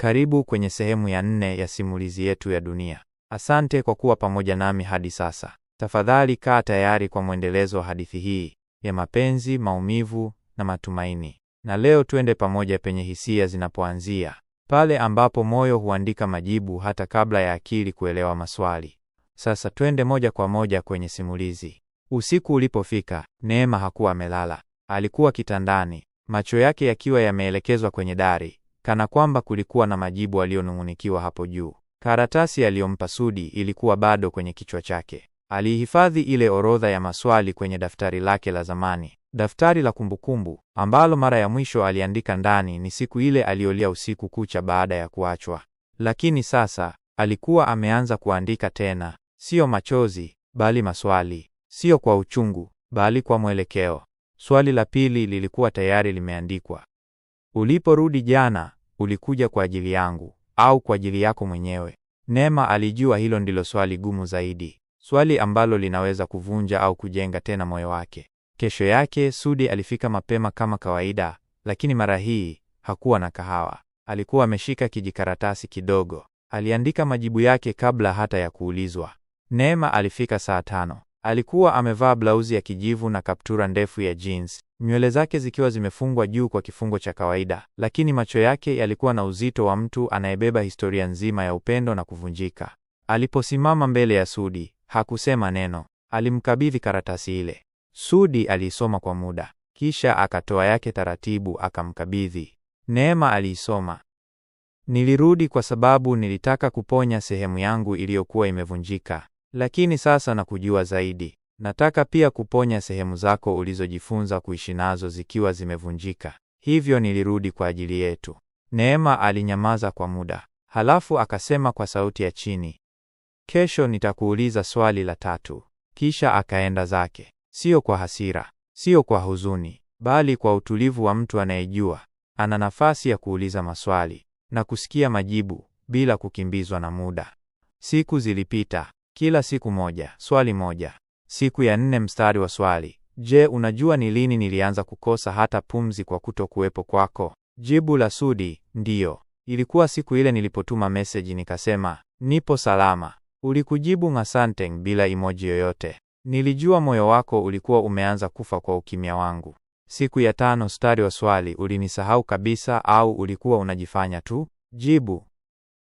Karibu kwenye sehemu ya nne ya simulizi yetu ya dunia. Asante kwa kuwa pamoja nami hadi sasa. Tafadhali kaa tayari kwa mwendelezo wa hadithi hii ya mapenzi, maumivu na matumaini. Na leo twende pamoja penye hisia zinapoanzia, pale ambapo moyo huandika majibu hata kabla ya akili kuelewa maswali. Sasa twende moja kwa moja kwenye simulizi. Usiku ulipofika, Neema hakuwa amelala. Alikuwa kitandani, macho yake yakiwa yameelekezwa kwenye dari, kana kwamba kulikuwa na majibu aliyonung'unikiwa hapo juu. Karatasi aliyompa Sudi ilikuwa bado kwenye kichwa chake. Alihifadhi ile orodha ya maswali kwenye daftari lake la zamani, daftari la kumbukumbu ambalo mara ya mwisho aliandika ndani ni siku ile aliyolia usiku kucha baada ya kuachwa. Lakini sasa alikuwa ameanza kuandika tena, siyo machozi bali maswali, siyo kwa uchungu bali kwa mwelekeo. Swali la pili lilikuwa tayari limeandikwa. Uliporudi jana, ulikuja kwa ajili yangu au kwa ajili yako mwenyewe? Neema alijua hilo ndilo swali gumu zaidi, swali ambalo linaweza kuvunja au kujenga tena moyo wake. Kesho yake Sudi alifika mapema kama kawaida, lakini mara hii hakuwa na kahawa. Alikuwa ameshika kijikaratasi kidogo. Aliandika majibu yake kabla hata ya kuulizwa. Neema alifika saa tano. Alikuwa amevaa blauzi ya kijivu na kaptura ndefu ya jeans, nywele zake zikiwa zimefungwa juu kwa kifungo cha kawaida, lakini macho yake yalikuwa na uzito wa mtu anayebeba historia nzima ya upendo na kuvunjika. Aliposimama mbele ya Sudi, hakusema neno. Alimkabidhi karatasi ile. Sudi aliisoma kwa muda, kisha akatoa yake taratibu, akamkabidhi. Neema aliisoma. Nilirudi kwa sababu nilitaka kuponya sehemu yangu iliyokuwa imevunjika. Lakini sasa nakujua zaidi. Nataka pia kuponya sehemu zako ulizojifunza kuishi nazo zikiwa zimevunjika. Hivyo nilirudi kwa ajili yetu. Neema alinyamaza kwa muda, halafu akasema kwa sauti ya chini, kesho nitakuuliza swali la tatu. Kisha akaenda zake, sio kwa hasira, sio kwa huzuni, bali kwa utulivu wa mtu anayejua ana nafasi ya kuuliza maswali na kusikia majibu bila kukimbizwa na muda. Siku zilipita, kila siku moja, swali moja. Siku ya nne mstari wa swali, je, unajua ni lini nilianza kukosa hata pumzi kwa kutokuwepo kwako? Jibu la Sudi, ndiyo. Ilikuwa siku ile nilipotuma meseji nikasema, nipo salama. Ulikujibu asante bila emoji yoyote. Nilijua moyo wako ulikuwa umeanza kufa kwa ukimya wangu. Siku ya tano mstari wa swali, ulinisahau kabisa au ulikuwa unajifanya tu? Jibu,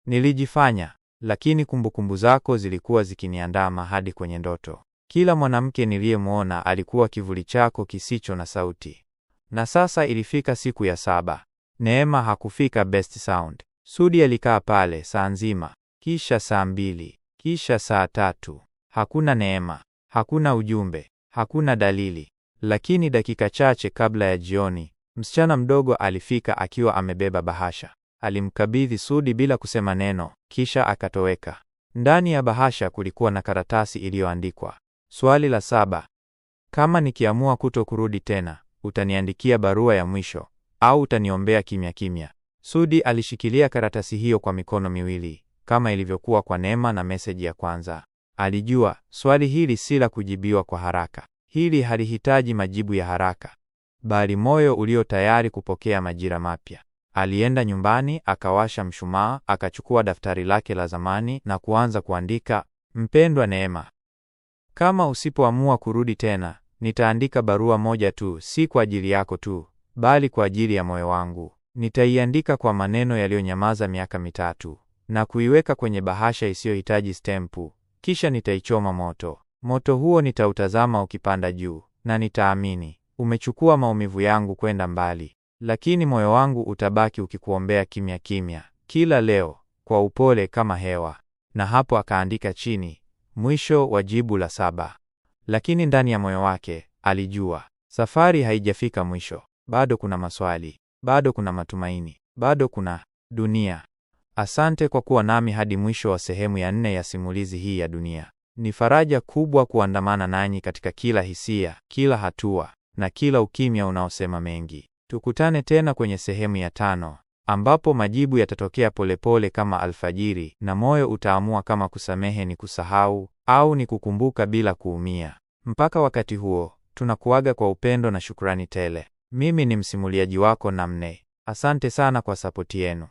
nilijifanya lakini kumbukumbu zako zilikuwa zikiniandama hadi kwenye ndoto. Kila mwanamke niliyemwona alikuwa kivuli chako kisicho na sauti. Na sasa ilifika siku ya saba. Neema hakufika Best Sound. Sudi alikaa pale saa nzima, kisha saa mbili, kisha saa tatu. Hakuna Neema, hakuna ujumbe, hakuna dalili. Lakini dakika chache kabla ya jioni, msichana mdogo alifika akiwa amebeba bahasha. Alimkabidhi Sudi bila kusema neno, kisha akatoweka. Ndani ya bahasha kulikuwa na karatasi iliyoandikwa swali la saba: kama nikiamua kuto kurudi tena, utaniandikia barua ya mwisho au utaniombea kimya kimya? Sudi alishikilia karatasi hiyo kwa mikono miwili kama ilivyokuwa kwa Neema na meseji ya kwanza. Alijua swali hili si la kujibiwa kwa haraka, hili halihitaji majibu ya haraka, bali moyo ulio tayari kupokea majira mapya. Alienda nyumbani, akawasha mshumaa, akachukua daftari lake la zamani na kuanza kuandika. Mpendwa Neema, kama usipoamua kurudi tena, nitaandika barua moja tu, si kwa ajili yako tu, bali kwa ajili ya moyo wangu. Nitaiandika kwa maneno yaliyonyamaza miaka mitatu na kuiweka kwenye bahasha isiyohitaji stempu, kisha nitaichoma moto. Moto huo nitautazama ukipanda juu, na nitaamini umechukua maumivu yangu kwenda mbali lakini moyo wangu utabaki ukikuombea kimya kimya, kila leo, kwa upole kama hewa. Na hapo akaandika chini mwisho wa jibu la saba, lakini ndani ya moyo wake alijua safari haijafika mwisho. Bado kuna maswali, bado kuna matumaini, bado kuna dunia. Asante kwa kuwa nami hadi mwisho wa sehemu ya nne ya simulizi hii ya Dunia. Ni faraja kubwa kuandamana nanyi katika kila hisia, kila hatua na kila ukimya unaosema mengi. Tukutane tena kwenye sehemu ya tano ambapo majibu yatatokea polepole kama alfajiri na moyo utaamua kama kusamehe ni kusahau au ni kukumbuka bila kuumia. Mpaka wakati huo, tunakuaga kwa upendo na shukrani tele. Mimi ni msimuliaji wako Namne. Asante sana kwa sapoti yenu.